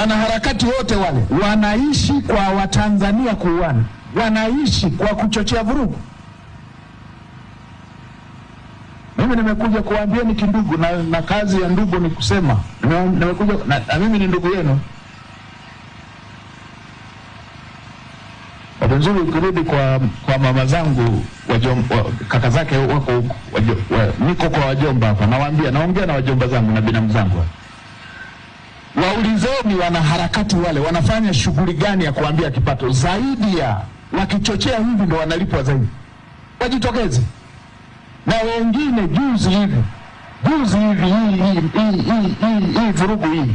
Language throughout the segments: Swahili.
wanaharakati wote wale wanaishi kwa Watanzania kuuana, wanaishi kwa kuchochea vurugu. Mimi nimekuja ni kindugu na, na kazi ya ndugu ni kusema nimekuja na, na mimi ni ndugu yenu. Wapenzuri, ukirudi kwa, kwa mama zangu kaka zake wako niko kwa wajomba hapa, nawaambia naongea na wajomba zangu na binamu zangu. Waulizeni wanaharakati wale wanafanya shughuli gani ya kuambia kipato zaidi ya wakichochea hivi ndo wanalipwa zaidi, wajitokeze na wengine. Juzi hivi juzi hivi hii vurugu hii,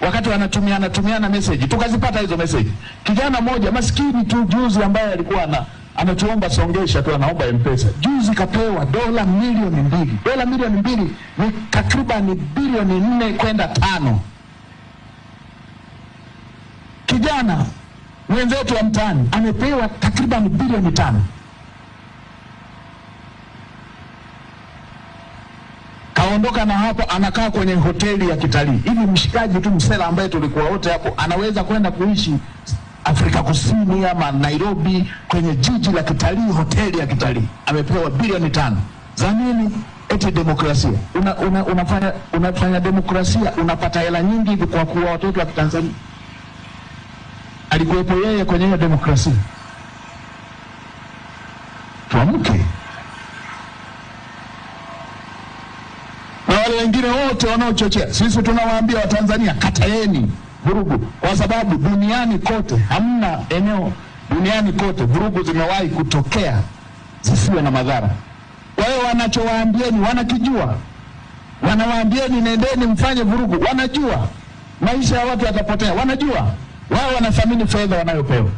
wakati wanatumiana tumiana message, tukazipata hizo message. Kijana mmoja maskini tu juzi, ambaye alikuwa na anatuomba songesha tu, anaomba mpesa, juzi kapewa dola milioni mbili. Dola milioni mbili ni takriban bilioni nne kwenda tano kijana mwenzetu wa mtaani amepewa takriban bilioni tano kaondoka na hapo, anakaa kwenye hoteli ya kitalii hivi. Mshikaji tu msela ambaye tulikuwa wote hapo anaweza kwenda kuishi Afrika Kusini ama Nairobi, kwenye jiji la kitalii, hoteli ya kitalii, amepewa bilioni tano za nini? Eti demokrasia. Una, una, unafanya, unafanya demokrasia, unapata hela nyingi hivi kwa kuwa watoto wa Kitanzania alikuwepo yeye kwenye hiyo demokrasia. Tuamke na wale wengine wote wanaochochea, sisi tunawaambia Watanzania, kataeni vurugu, kwa sababu duniani kote, hamna eneo duniani kote vurugu zimewahi kutokea zisiwe na madhara. Kwa hiyo wanachowaambieni wanakijua, wanawaambieni nendeni mfanye vurugu, wanajua maisha ya watu yatapotea, wanajua wao wanathamini fedha wanayopewa.